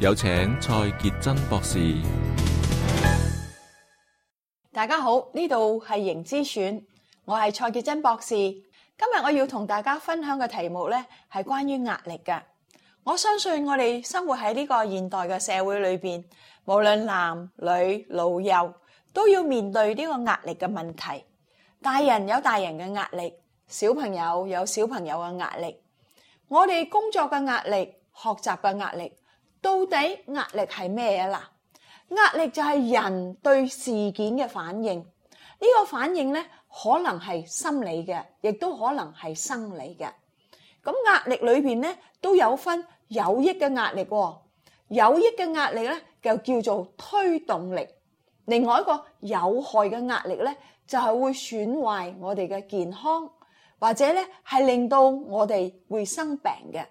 有請蔡潔真博士。大家好，呢度係盈之選，我係蔡潔真博士。今日我要同大家分享嘅題目呢，係關於壓力㗎。我相信我哋生活喺呢個現代嘅社會裏邊，無論男女老幼，都要面對呢個壓力嘅問題。大人有大人嘅壓力，小朋友有小朋友嘅壓力。我哋工作嘅壓力，學習嘅壓力。到底壓力係咩啊？嗱，壓力就係人對事件嘅反應，呢個反應咧可能係心理嘅，亦都可能係生理嘅。咁壓力裏邊咧都有分有益嘅壓力，有益嘅壓力咧就叫做推動力。另外一個有害嘅壓力咧就係會損壞我哋嘅健康，或者咧係令到我哋會生病嘅。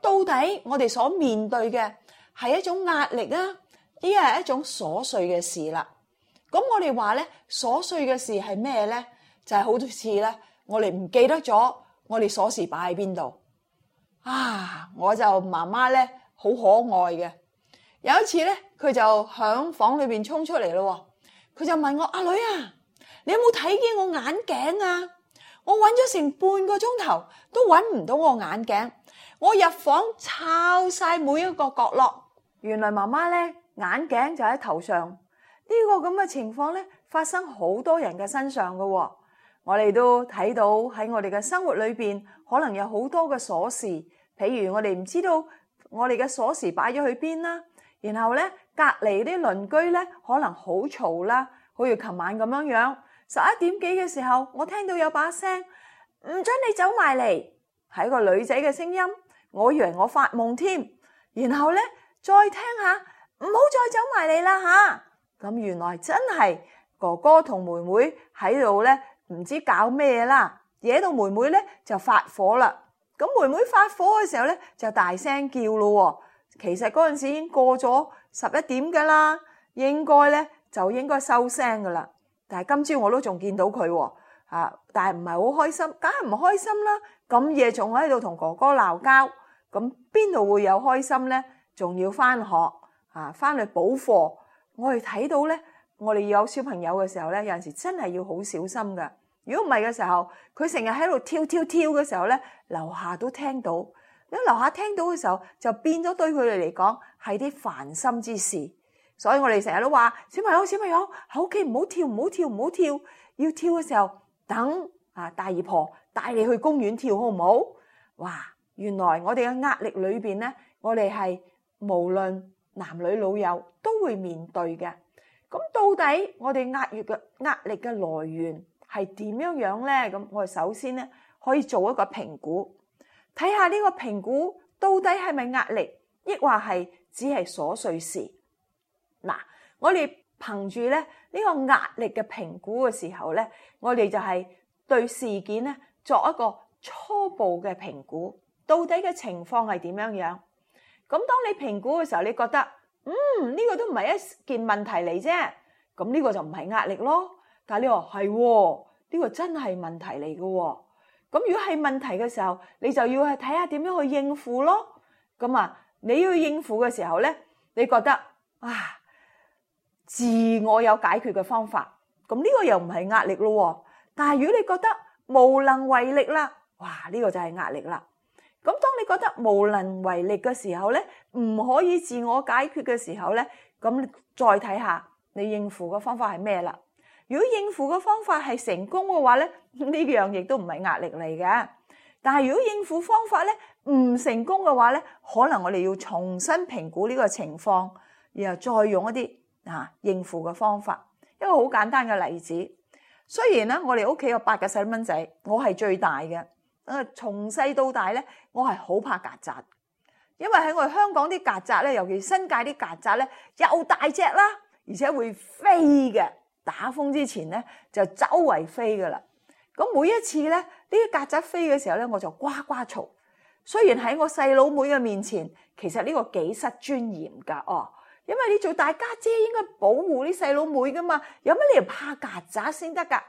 到底我哋所面對嘅係一種壓力啊，呢係一種瑣碎嘅事啦。咁我哋話咧，瑣碎嘅事係咩咧？就係好多次咧，我哋唔記得咗我哋鎖匙擺喺邊度啊。我就媽媽咧好可愛嘅，有一次咧，佢就響房裏邊衝出嚟咯。佢就問我，阿女啊，你有冇睇見我眼鏡啊？我揾咗成半個鐘頭都揾唔到我眼鏡。我入房抄晒每一個角落，原來媽媽咧眼鏡就喺頭上。呢個咁嘅情況咧，發生好多人嘅身上㗎喎。我哋都睇到喺我哋嘅生活裏邊，可能有好多嘅鎖匙，譬如我哋唔知道我哋嘅鎖匙擺咗去邊啦。然後咧，隔籬啲鄰居咧可能好嘈啦，好似琴晚咁樣樣，十一點幾嘅時候，我聽到有把聲，唔準你走埋嚟，係一個女仔嘅聲音。我以為我發夢添，然後咧再聽下，唔好再走埋嚟啦吓！咁原來真係哥哥同妹妹喺度咧，唔知搞咩啦，惹到妹妹咧就發火啦。咁妹妹發火嘅時候咧就大聲叫咯。其實嗰陣時已經過咗十一點噶啦，應該咧就應該收聲噶啦。但係今朝我都仲見到佢，啊！但係唔係好開心，梗係唔開心啦。咁夜仲喺度同哥哥鬧交。咁邊度會有開心呢？仲要翻學啊，翻去補課。我哋睇到呢，我哋要有小朋友嘅時候呢，有陣時真係要好小心㗎。如果唔係嘅時候，佢成日喺度跳跳跳嘅時候呢，樓下都聽到。如果樓下聽到嘅時候，就變咗對佢哋嚟講係啲煩心之事。所以我哋成日都話：小朋友，小朋友，喺屋企唔好跳，唔好跳，唔好跳。要跳嘅時候，等啊大姨婆帶你去公園跳，好唔好？哇！原來我哋嘅壓力裏邊咧，我哋係無論男女老幼都會面對嘅。咁到底我哋壓越嘅壓力嘅來源係點樣樣咧？咁我哋首先咧可以做一個評估，睇下呢個評估到底係咪壓力，抑或係只係瑣碎事嗱。我哋憑住咧呢個壓力嘅評估嘅時候咧，我哋就係對事件咧作一個初步嘅評估。到底嘅情況係點樣樣？咁當你評估嘅時候，你覺得嗯呢個都唔係一件問題嚟啫，咁呢個就唔係壓力咯。但係你話係呢個真係問題嚟嘅喎，咁如果係問題嘅時候，你就要去睇下點樣去應付咯。咁啊，你要應付嘅時候呢，你覺得啊自我有解決嘅方法，咁呢個又唔係壓力咯。但係如果你覺得無能為力啦，哇呢個就係壓力啦。咁當你覺得無能為力嘅時候咧，唔可以自我解決嘅時候咧，咁再睇下你應付嘅方法係咩啦？如果應付嘅方法係成功嘅話咧，呢樣亦都唔係壓力嚟嘅。但係如果應付方法咧唔成功嘅話咧，可能我哋要重新評估呢個情況，然後再用一啲啊應付嘅方法。一個好簡單嘅例子，雖然咧我哋屋企有八個細蚊仔，我係最大嘅。從細到大咧，我係好怕曱甴，因為喺我哋香港啲曱甴咧，尤其新界啲曱甴咧，又大隻啦，而且會飛嘅。打風之前咧，就周圍飛噶啦。咁每一次咧，呢啲曱甴飛嘅時候咧，我就呱呱嘈。雖然喺我細佬妹嘅面前，其實呢個幾失尊嚴噶。哦，因為你做大家姐應該保護啲細佬妹噶嘛。有乜理由怕曱甴先得噶？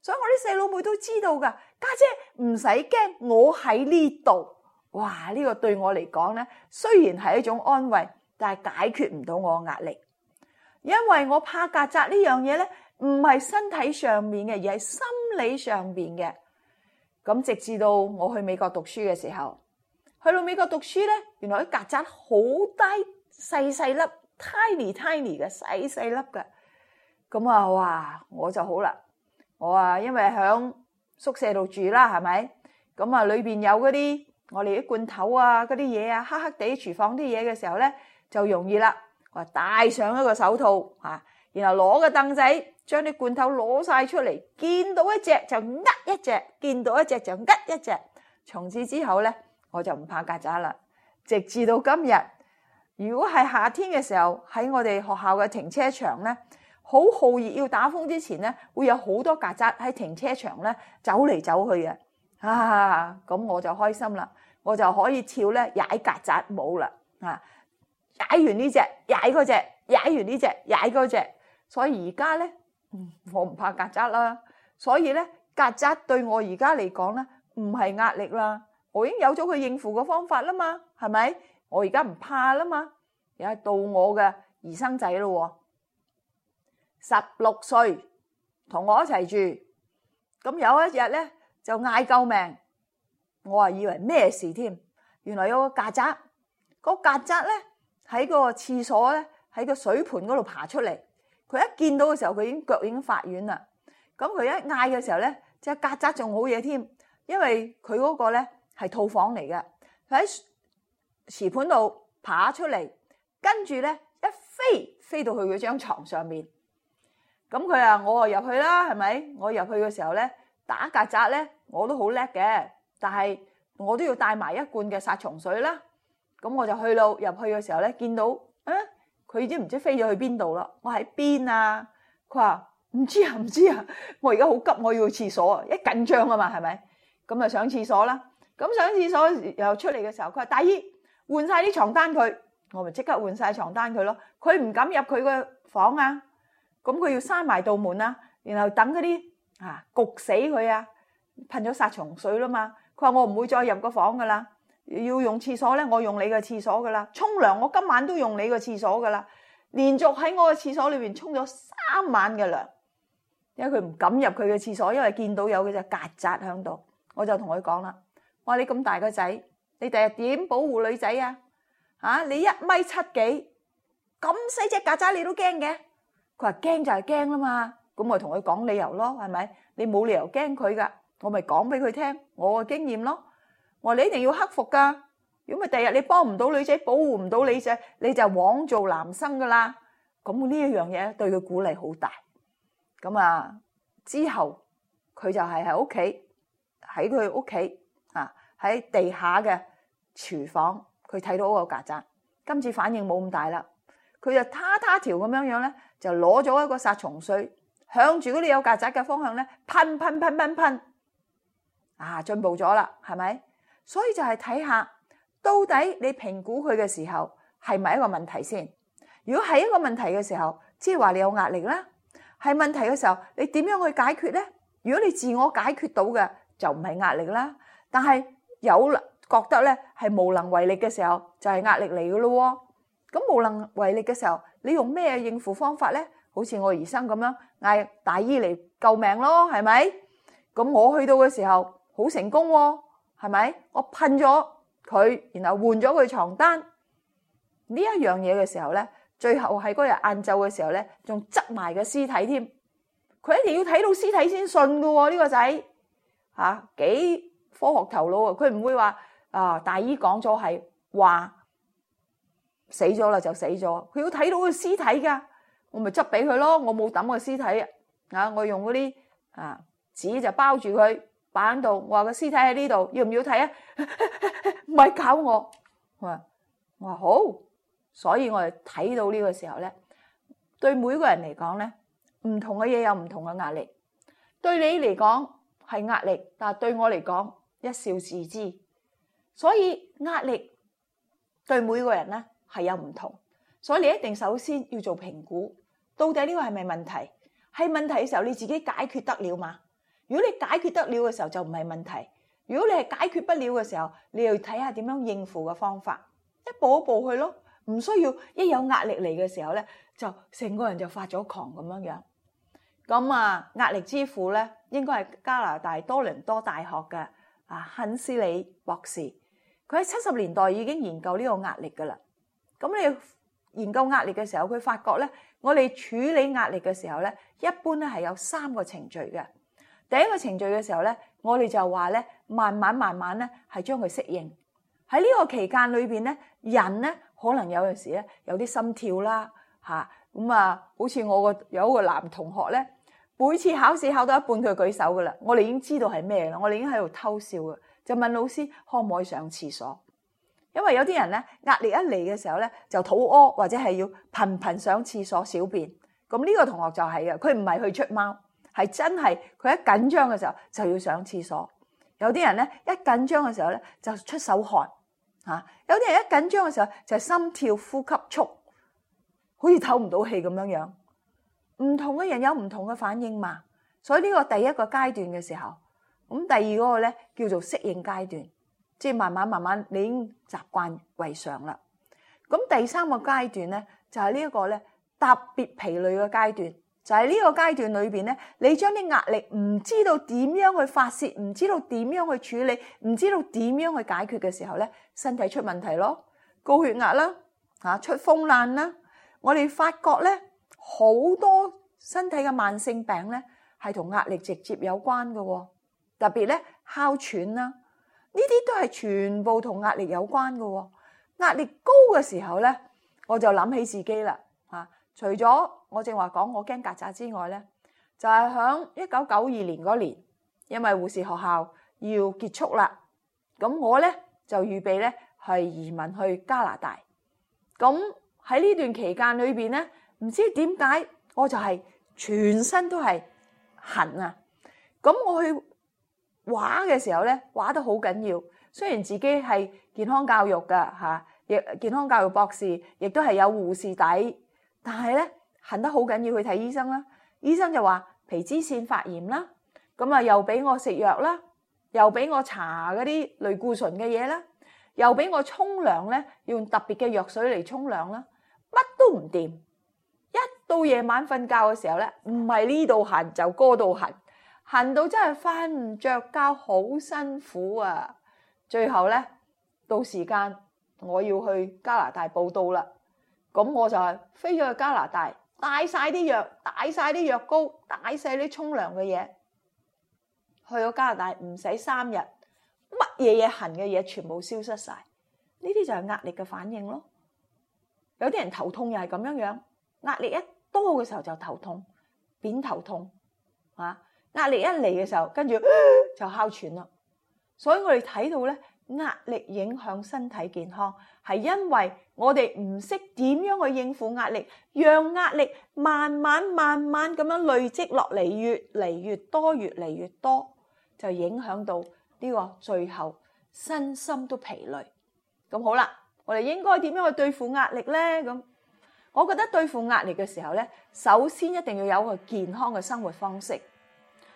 所以我啲細佬妹都知道噶。家姐唔使驚，我喺呢度。哇！呢個對我嚟講咧，雖然係一種安慰，但係解決唔到我壓力，因為我怕曱甴呢樣嘢咧，唔係身體上面嘅，而係心理上面嘅。咁直至到我去美國讀書嘅時候，去到美國讀書咧，原來啲曱甴好低，細細粒 tiny tiny 嘅細細粒嘅。咁啊，哇！我就好啦，我啊，因為響。宿舍度住啦，係咪？咁啊，裏邊有嗰啲我哋啲罐頭啊，嗰啲嘢啊，黑黑地廚房啲嘢嘅時候咧，就容易啦。我話戴上一個手套啊，然後攞個凳仔，將啲罐頭攞晒出嚟，見到一隻就扼一隻，見到一隻就扼一隻。從此之後咧，我就唔怕曱甴啦。直至到今日，如果係夏天嘅時候，喺我哋學校嘅停車場咧，好酷熱要打風之前咧，會有好多曱甴喺停車場咧走嚟走去嘅，啊咁我就開心啦，我就可以跳咧踩曱甴舞啦，啊踩完呢隻踩嗰隻，踩完呢隻踩嗰隻，所以而家咧，我唔怕曱甴啦，所以咧曱甴對我而家嚟講咧唔係壓力啦，我已經有咗佢應付嘅方法啦嘛，係咪？我而家唔怕啦嘛，而家到我嘅兒生仔咯，哦。十六歲同我一齊住，咁有一日咧就嗌救命，我以為咩事添？原來有個曱甴，個曱甴咧喺個廁所咧喺個水盆嗰度爬出嚟。佢一見到嘅時候，佢已經腳已經發軟啦。咁佢一嗌嘅時候咧，隻曱甴仲好嘢添，因為佢嗰個咧係套房嚟嘅，佢喺瓷盤度爬出嚟，跟住咧一飛飛到去佢嗰張床上面。咁佢啊，我啊入去啦，係咪？我入去嘅時候咧，打曱甴咧，我都好叻嘅。但係我都要帶埋一罐嘅殺蟲水啦。咁我就去到入去嘅時候咧，見到啊，佢已經唔知飛咗去邊度啦。我喺邊啊？佢話唔知啊，唔知啊。我而家好急，我要去廁所啊！一緊張啊嘛，係咪？咁啊上廁所啦。咁上廁所又出嚟嘅時候，佢話大姨換晒啲床單佢，我咪即刻換晒床單佢咯。佢唔敢入佢嘅房啊。咁佢要閂埋道門啦，然後等嗰啲啊焗死佢啊，噴咗殺蟲水啦嘛。佢話我唔會再入個房噶啦，要用廁所咧，我用你個廁所噶啦。沖涼我今晚都用你個廁所噶啦，連續喺我個廁所裏邊沖咗三晚嘅涼。因為佢唔敢入佢嘅廁所，因為見到有隻曱甴喺度。我就同佢講啦，我話你咁大個仔，你第日點保護女仔啊？啊，你一米七幾咁細隻曱甴你都驚嘅？佢話驚就係驚吖嘛，咁我同佢講理由咯，係咪？你冇理由驚佢噶，我咪講俾佢聽我嘅經驗咯。我話你一定要克服噶，如果唔係第日你幫唔到女仔，保護唔到女仔，你就枉做男生噶啦。咁呢一樣嘢對佢鼓勵好大。咁啊，之後佢就係喺屋企，喺佢屋企啊，喺地下嘅廚房，佢睇到嗰個曱甴，今次反應冇咁大啦，佢就他他條咁樣樣咧。就攞咗一個殺蟲水，向住嗰啲有曱甴嘅方向咧噴噴噴噴噴，啊進步咗啦，係咪？所以就係睇下到底你評估佢嘅時候係咪一個問題先。如果係一個問題嘅時候，即係話你有壓力啦。係問題嘅時候，你點樣去解決呢？如果你自我解決到嘅就唔係壓力啦。但係有覺得咧係無能為力嘅時候，就係壓力嚟嘅咯。咁無能為力嘅時候。你用咩應付方法咧？好似我兒生咁樣嗌大醫嚟救命咯，係咪？咁我去到嘅時候，好成功喎，係咪？我噴咗佢，然後換咗佢床單。呢一樣嘢嘅時候咧，最後喺嗰日晏晝嘅時候咧，仲執埋個屍體添。佢一定要睇到屍體先信噶，呢個仔吓幾科學頭腦啊！佢唔會話啊大醫講咗係話。死咗啦就死咗，佢要睇到個屍體噶，我咪執俾佢咯。我冇抌個屍體啊，啊！我用嗰啲啊紙就包住佢，擺喺度。我話個屍體喺呢度，要唔要睇啊？唔 係搞我，我話我話好，所以我哋睇到呢個時候咧，對每個人嚟講咧，唔同嘅嘢有唔同嘅壓力。對你嚟講係壓力，但係對我嚟講一笑置之。所以壓力對每個人咧，係有唔同，所以你一定首先要做評估，到底呢個係咪問題？係問題嘅時候，你自己解決得了嘛？如果你解決得了嘅時候，就唔係問題；如果你係解決不了嘅時候，你要睇下點樣應付嘅方法，一步一步去咯，唔需要一有壓力嚟嘅時候咧，就成個人就發咗狂咁樣樣。咁啊，壓力之父咧，應該係加拿大多倫多大學嘅啊肯斯里博士。佢喺七十年代已經研究呢個壓力噶啦。咁你研究壓力嘅時候，佢發覺咧，我哋處理壓力嘅時候咧，一般咧係有三個程序嘅。第一個程序嘅時候咧，我哋就話咧，慢慢慢慢咧，係將佢適應。喺呢個期間裏邊咧，人咧可能有陣時咧有啲心跳啦吓。咁啊，好似我個有一個男同學咧，每次考試考到一半，佢舉手㗎喇，我哋已經知道係咩啦，我哋已經喺度偷笑嘅，就問老師可唔可以上廁所？因為有啲人咧壓力一嚟嘅時候咧，就肚屙或者係要頻頻上廁所小便，咁呢個同學就係啊，佢唔係去出貓，係真係佢一緊張嘅時候就要上廁所。有啲人咧一緊張嘅時候咧就出手汗，吓，有啲人一緊張嘅時候就心跳呼吸促，好似唞唔到氣咁樣樣。唔同嘅人有唔同嘅反應嘛，所以呢個第一個階段嘅時候，咁第二嗰個咧叫做適應階段。即係慢慢慢慢，你已經習慣為常啦。咁第三個階段咧，就係呢一個咧特別疲累嘅階段。就喺呢個階段裏邊咧，你將啲壓力唔知道點樣去發泄，唔知道點樣去處理，唔知道點樣去解決嘅時候咧，身體出問題咯，高血壓啦，嚇出風爛啦。我哋發覺咧，好多身體嘅慢性病咧，係同壓力直接有關嘅，特別咧，哮喘啦。呢啲都係全部同壓力有關嘅，壓力高嘅時候咧，我就諗起自己啦，吓，除咗我正話講我驚曱甴之外咧，就係響一九九二年嗰年，因為護士學校要結束啦，咁我咧就預備咧係移民去加拿大，咁喺呢段期間裏邊咧，唔知點解我就係全身都係痕啊，咁我去。畫嘅時候咧，畫得好緊要。雖然自己係健康教育噶吓，亦健康教育博士，亦都係有護士底，但係咧，痕得好緊要去睇醫生啦。醫生就話皮脂腺發炎啦，咁啊又俾我食藥啦，又俾我搽嗰啲類固醇嘅嘢啦，又俾我沖涼咧，用特別嘅藥水嚟沖涼啦，乜都唔掂。一到夜晚瞓覺嘅時候咧，唔係呢度痕就嗰度痕。行到真係瞓唔着覺，好辛苦啊！最後咧，到時間我要去加拿大報到啦，咁我就係飛咗去加拿大，帶晒啲藥，帶晒啲藥膏，帶晒啲沖涼嘅嘢，去咗加拿大唔使三日，乜嘢嘢痕嘅嘢全部消失晒。呢啲就係壓力嘅反應咯。有啲人頭痛又係咁樣樣，壓力一多嘅時候就頭痛，扁頭痛，啊！壓力一嚟嘅時候，跟住就哮喘喇。所以我哋睇到咧，壓力影響身體健康，係因為我哋唔識點樣去應付壓力，讓壓力慢慢、慢慢咁樣累積落嚟，越嚟越多，越嚟越多，就影響到呢個最後身心都疲累。咁好啦，我哋應該點樣去對付壓力咧？咁我覺得對付壓力嘅時候咧，首先一定要有個健康嘅生活方式。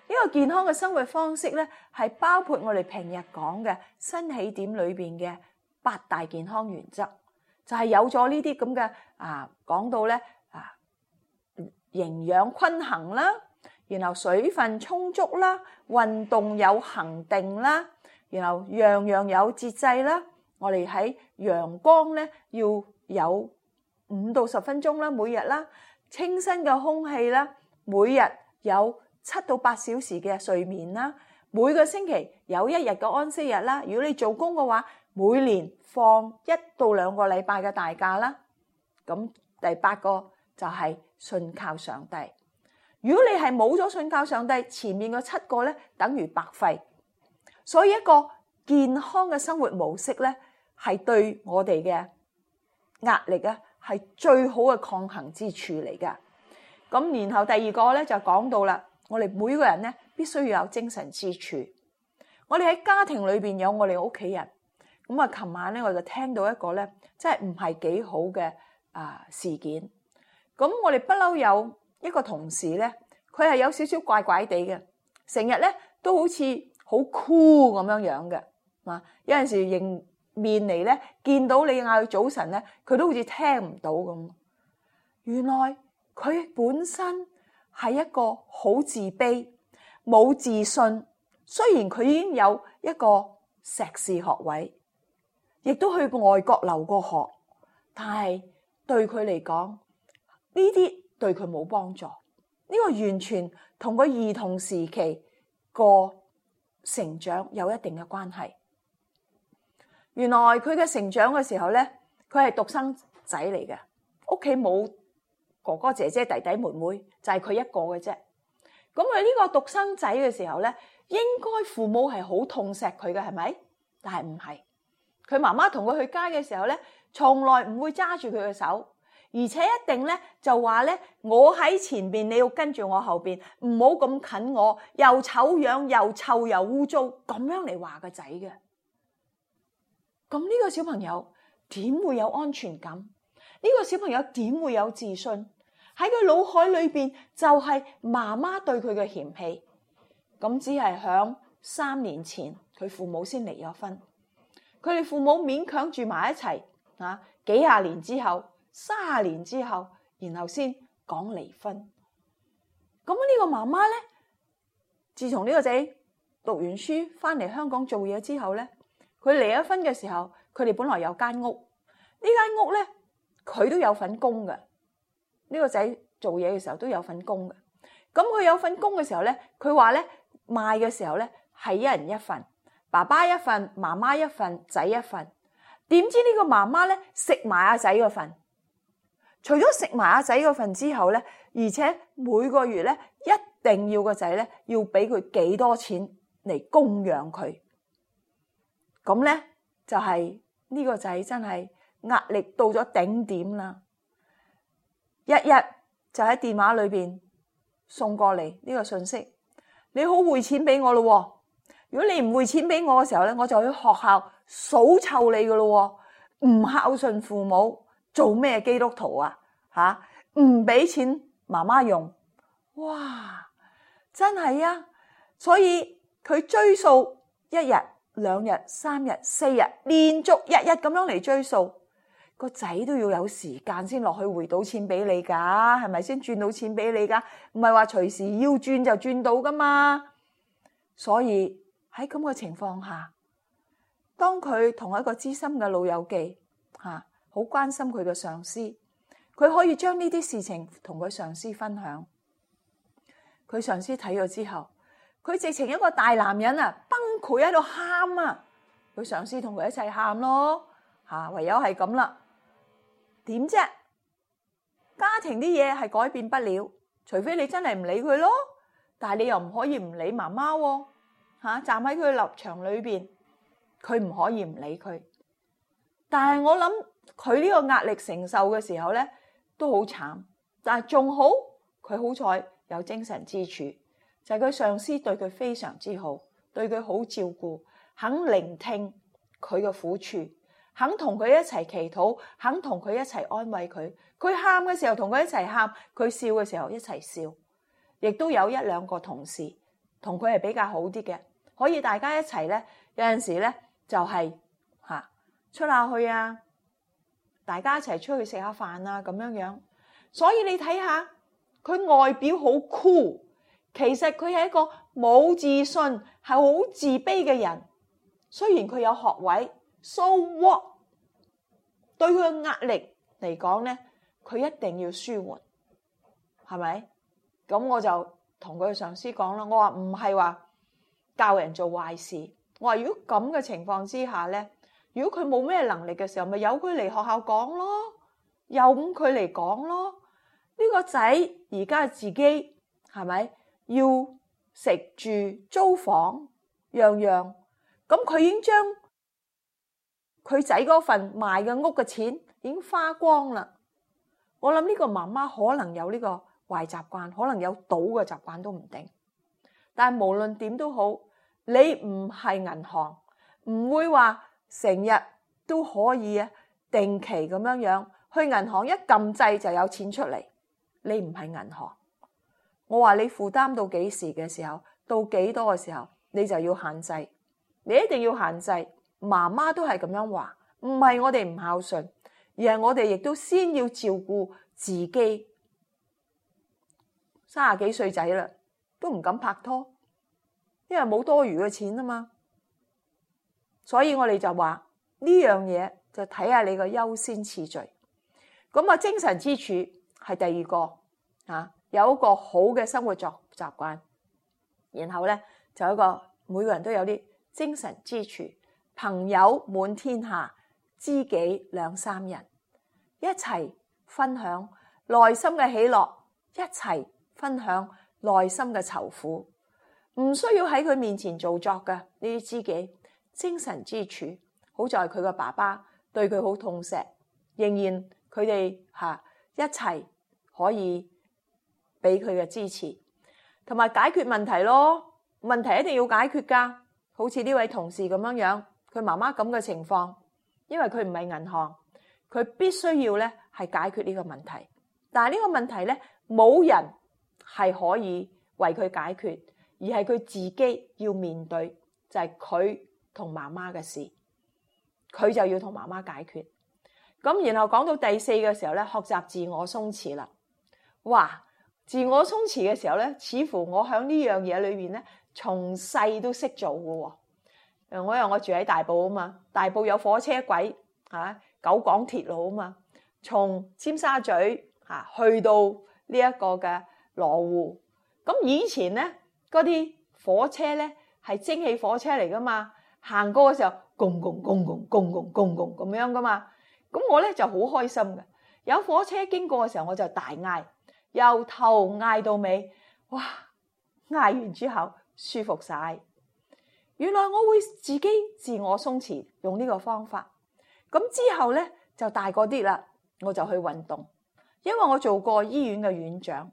呢個健康嘅生活方式咧，係包括我哋平日講嘅新起點裏邊嘅八大健康原則，就係有咗呢啲咁嘅啊，講到咧啊，營養均衡啦，然後水分充足啦，運動有恆定啦，然後樣樣有節制啦。我哋喺陽光咧要有五到十分鐘啦，每日啦清新嘅空氣啦，每日有。七到八小時嘅睡眠啦，每個星期有一日嘅安息日啦。如果你做工嘅話，每年放一到兩個禮拜嘅大假啦。咁第八個就係信靠上帝。如果你係冇咗信靠上帝，前面嗰七個咧，等於白費。所以一個健康嘅生活模式咧，係對我哋嘅壓力啊，係最好嘅抗衡之處嚟㗎。咁然後第二個咧就講到啦。我哋每個人呢，必須要有精神支柱。我哋喺家庭裏邊有我哋屋企人。咁啊，琴晚呢，我就聽到一個呢，真係唔係幾好嘅啊事件。咁我哋不嬲有一個同事呢，佢係有少少怪怪地嘅，成日呢都好似好 cool 咁樣樣嘅。啊，有陣時迎面嚟呢，見到你嗌佢早晨呢，佢都好似聽唔到咁。原來佢本身。係一個好自卑、冇自信。雖然佢已經有一個碩士學位，亦都去外國留過學，但係對佢嚟講，呢啲對佢冇幫助。呢、這個完全同佢兒童時期個成長有一定嘅關係。原來佢嘅成長嘅時候呢，佢係獨生仔嚟嘅，屋企冇。哥哥姐姐弟弟妹妹，就係佢一個嘅啫。咁佢呢個獨生仔嘅時候呢，應該父母係好痛錫佢嘅，係咪？但係唔係。佢媽媽同佢去街嘅時候呢，從來唔會揸住佢嘅手，而且一定呢，就話呢：「我喺前邊，你要跟住我後邊，唔好咁近我。又醜樣，又臭，又污糟。」咁樣嚟，話個仔嘅。咁呢個小朋友點會有安全感？呢個小朋友點會有自信？喺佢腦海裏邊就係、是、媽媽對佢嘅嫌棄，咁只係響三年前佢父母先離咗婚，佢哋父母勉強住埋一齊啊，幾廿年之後，三十年之後，然後先講離婚。咁呢個媽媽咧，自從呢個仔讀完書翻嚟香港做嘢之後咧，佢離咗婚嘅時候，佢哋本來有間屋，呢間屋咧佢都有份供㗎。呢個仔做嘢嘅時候都有份工嘅，咁佢有份工嘅時候呢，佢話呢，賣嘅時候呢，係一人一份，爸爸一份，媽媽一份，仔一份。點知呢個媽媽呢，食埋阿仔嗰份，除咗食埋阿仔嗰份之後呢，而且每個月呢，一定要個仔呢，要俾佢幾多錢嚟供養佢。咁呢，就係呢個仔真係壓力到咗頂點啦。日日就喺電話裏邊送過嚟呢個信息，你好匯錢俾我咯。如果你唔匯錢俾我嘅時候咧，我就去學校數湊你嘅咯。唔孝順父母，做咩基督徒啊？吓、啊，唔俾錢媽媽用，哇，真係啊！所以佢追數一日、兩日、三日、四日，連續日日咁樣嚟追數。個仔都要有時間先落去回到錢俾你噶，係咪先轉到錢俾你噶？唔係話隨時要轉就轉到噶嘛。所以喺咁嘅情況下，當佢同一個資深嘅老友記吓，好關心佢嘅上司，佢可以將呢啲事情同佢上司分享。佢上司睇咗之後，佢直情一個大男人啊崩潰喺度喊啊！佢上司同佢一齊喊咯吓，唯有係咁啦。點啫？家庭啲嘢係改變不了，除非你真係唔理佢咯。但係你又唔可以唔理媽媽，吓站喺佢嘅立場裏邊，佢唔可以唔理佢。但係我諗佢呢個壓力承受嘅時候咧，都好慘。但係仲好，佢好彩有精神支柱，就係佢上司對佢非常之好，對佢好照顧，肯聆聽佢嘅苦處。肯同佢一齊祈禱，肯同佢一齊安慰佢。佢喊嘅時候同佢一齊喊，佢笑嘅時候一齊笑。亦都有一兩個同事同佢係比較好啲嘅，可以大家一齊咧。有陣時咧就係吓出下去啊，大家一齊出去食下飯啊咁樣樣。所以你睇下，佢外表好酷，其實佢係一個冇自信、係好自卑嘅人。雖然佢有學位。so what？對佢嘅壓力嚟講咧，佢一定要舒緩，係咪？咁我就同佢嘅上司講啦。我話唔係話教人做壞事。我話如果咁嘅情況之下咧，如果佢冇咩能力嘅時候，咪由佢嚟學校講咯，由佢嚟講咯。呢、這個仔而家自己係咪要食住租房樣樣咁？佢已經將。佢仔嗰份賣嘅屋嘅錢已經花光啦。我諗呢個媽媽可能有呢個壞習慣，可能有賭嘅習慣都唔定。但係無論點都好，你唔係銀行，唔會話成日都可以啊，定期咁樣樣去銀行一撳掣就有錢出嚟。你唔係銀行，我話你負擔到幾時嘅時候，到幾多嘅時候，你就要限制，你一定要限制。媽媽都係咁樣話，唔係我哋唔孝順，而係我哋亦都先要照顧自己。三十幾歲仔啦，都唔敢拍拖，因為冇多餘嘅錢啊嘛。所以我哋就話呢樣嘢就睇下你個優先次序。咁啊，精神支柱係第二個啊，有一個好嘅生活作習慣，然後咧就有一個每個人都有啲精神支柱。朋友滿天下，知己兩三人，一齊分享內心嘅喜樂，一齊分享內心嘅愁苦，唔需要喺佢面前做作㗎。呢啲知己，精神支柱。好在佢嘅爸爸對佢好痛錫，仍然佢哋吓一齊可以俾佢嘅支持，同埋解決問題咯。問題一定要解決㗎，好似呢位同事咁樣樣。佢媽媽咁嘅情況，因為佢唔係銀行，佢必須要咧係解決呢個問題。但係呢個問題咧，冇人係可以為佢解決，而係佢自己要面對，就係佢同媽媽嘅事，佢就要同媽媽解決。咁然後講到第四嘅時候咧，學習自我鬆弛啦。哇！自我鬆弛嘅時候咧，似乎我喺呢樣嘢裏面咧，從細都識做嘅喎。我因為我住喺大埔啊嘛，大埔有火車軌嚇，九廣鐵路啊嘛，從尖沙咀嚇去到呢一個嘅羅湖。咁以前咧，嗰啲火車咧係蒸汽火車嚟㗎嘛，行過嘅時候，轟轟轟轟轟轟轟轟咁樣㗎嘛。咁我咧就好開心嘅，有火車經過嘅時候我就大嗌，由頭嗌到尾，哇！嗌完之後舒服晒。原來我會自己自我鬆弛，用呢個方法。咁之後呢，就大個啲啦，我就去運動。因為我做過醫院嘅院長，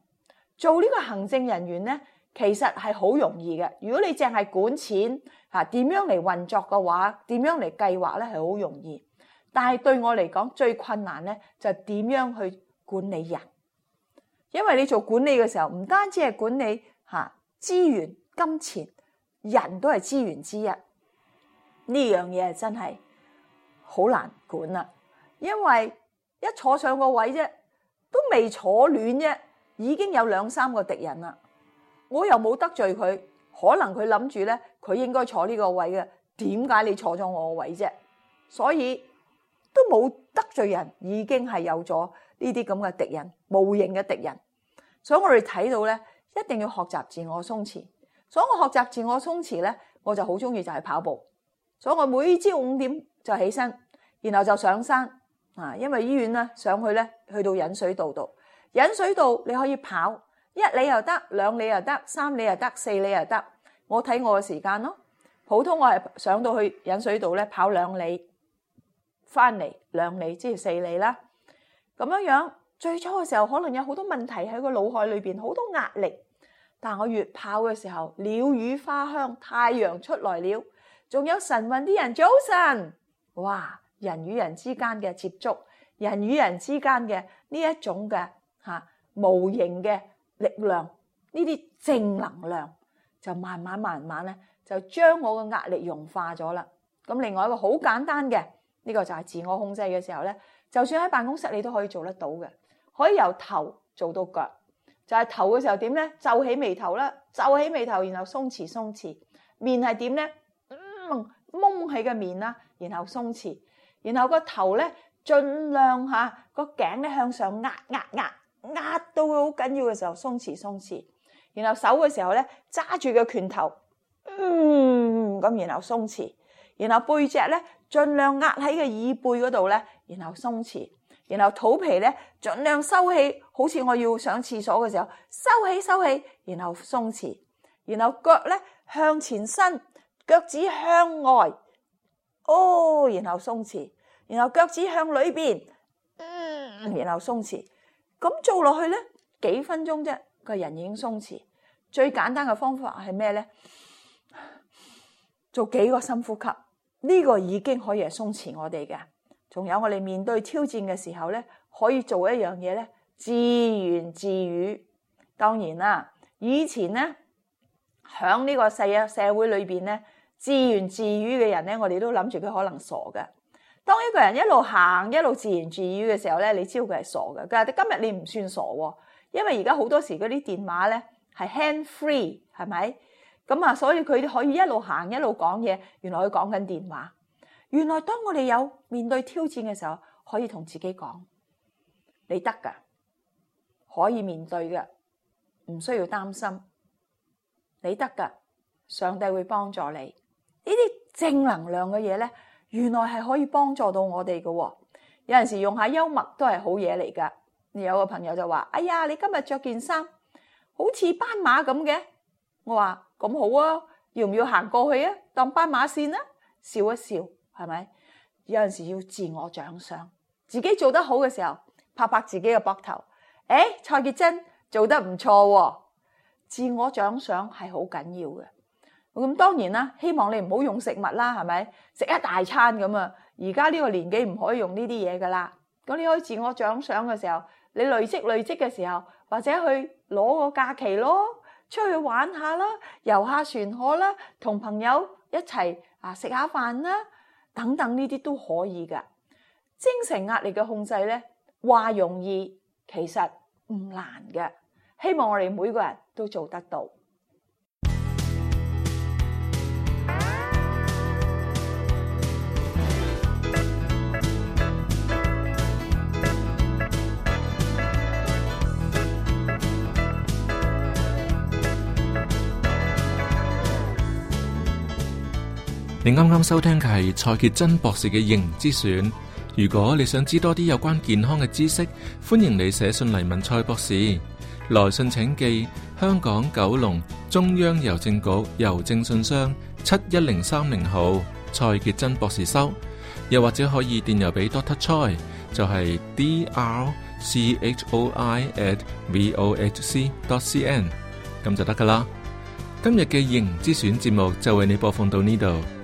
做呢個行政人員呢，其實係好容易嘅。如果你淨係管錢，吓，啊，點樣嚟運作嘅話，點樣嚟計劃呢，係好容易。但係對我嚟講，最困難呢，就點樣去管理人。因為你做管理嘅時候，唔單止係管理吓，啊，資源、金錢。人都係資源之一，呢樣嘢真係好難管啦。因為一坐上個位啫，都未坐暖啫，已經有兩三個敵人啦。我又冇得罪佢，可能佢諗住咧，佢應該坐呢個位嘅。點解你坐咗我位啫？所以都冇得罪人，已經係有咗呢啲咁嘅敵人，無形嘅敵人。所以我哋睇到咧，一定要學習自我鬆弛。所以我學習自我鬆弛咧，我就好中意就係跑步。所以我每朝五點就起身，然後就上山啊。因為醫院呢，上去咧，去到引水道度，引水道你可以跑一里又得，兩里又得，三里又得，四里又得。我睇我嘅時間咯。普通我係上到去引水道咧，跑兩里，翻嚟兩里，即係四里啦。咁樣樣，最初嘅時候可能有好多問題喺個腦海裏面，好多壓力。但我越跑嘅時候，鳥語花香，太陽出來了，仲有晨運啲人早晨，哇！人與人之間嘅接觸，人與人之間嘅呢一種嘅吓、啊、無形嘅力量，呢啲正能量就慢慢慢慢咧，就將我嘅壓力融化咗啦。咁另外一個好簡單嘅，呢、這個就係自我控制嘅時候咧，就算喺辦公室你都可以做得到嘅，可以由頭做到腳。就係頭嘅時候點咧？皺起眉頭啦，皺起眉頭，然後鬆弛鬆弛。面係點咧？嗯，掹起個面啦，然後鬆弛。然後個頭咧，儘量嚇個頸咧向上壓壓壓，壓到佢好緊要嘅時候鬆弛，鬆弛。然後手嘅時候咧，揸住個拳頭，嗯咁，然後鬆弛。然後背脊咧，儘量壓喺個耳背嗰度咧，然後鬆弛。然後肚皮咧盡量收起，好似我要上廁所嘅時候，收起收起，然後鬆弛，然後腳咧向前伸，腳趾向外，哦，然後鬆弛，然後腳趾向裏邊，嗯，然後鬆弛，咁做落去咧幾分鐘啫，個人已經鬆弛。最簡單嘅方法係咩咧？做幾個深呼吸，呢個已經可以係鬆弛我哋嘅。仲有我哋面對挑戰嘅時候咧，可以做一樣嘢咧，自言自語。當然啦，以前咧響呢在這個細啊社會裏邊咧，自言自語嘅人咧，我哋都諗住佢可能傻嘅。當一個人一路行一路自言自語嘅時候咧，你知道佢係傻嘅。但係今日你唔算傻喎、哦，因為而家好多時嗰啲電話咧係 hand free，係咪？咁啊，所以佢哋可以一路行一路講嘢。原來佢講緊電話。原來當我哋有面對挑戰嘅時候，可以同自己講：你得噶，可以面對嘅，唔需要擔心。你得噶，上帝會幫助你。呢啲正能量嘅嘢咧，原來係可以幫助到我哋嘅喎。有陣時用下幽默都係好嘢嚟噶。有個朋友就話：哎呀，你今日着件衫好似斑馬咁嘅。我話咁好啊，要唔要行過去啊？當斑馬線啊，笑一笑。係咪有陣時要自我獎賞？自己做得好嘅時候，拍拍自己嘅膊頭，誒、欸，蔡潔真做得唔錯，哦，自我獎賞係好緊要嘅。咁當然啦，希望你唔好用食物啦，係咪食一大餐咁啊？而家呢個年紀唔可以用呢啲嘢噶啦。咁你可以自我獎賞嘅時候，你累積累積嘅時候，或者去攞個假期咯，出去玩下啦，遊下船河啦，同朋友一齊啊食下飯啦。等等呢啲都可以嘅，精神壓力嘅控制咧，話容易，其實唔難嘅，希望我哋每個人都做得到。你啱啱收聽嘅係蔡潔真博士嘅營之選。如果你想知多啲有關健康嘅知識，歡迎你寫信嚟問蔡博士。來信請寄香港九龍中央郵政局郵政信箱七一零三零號蔡潔真博士收。又或者可以電郵俾 Dr. Choi，就係 d r c h o i at v o h c dot c n，咁就得噶啦。今日嘅營之選節目就為你播放到呢度。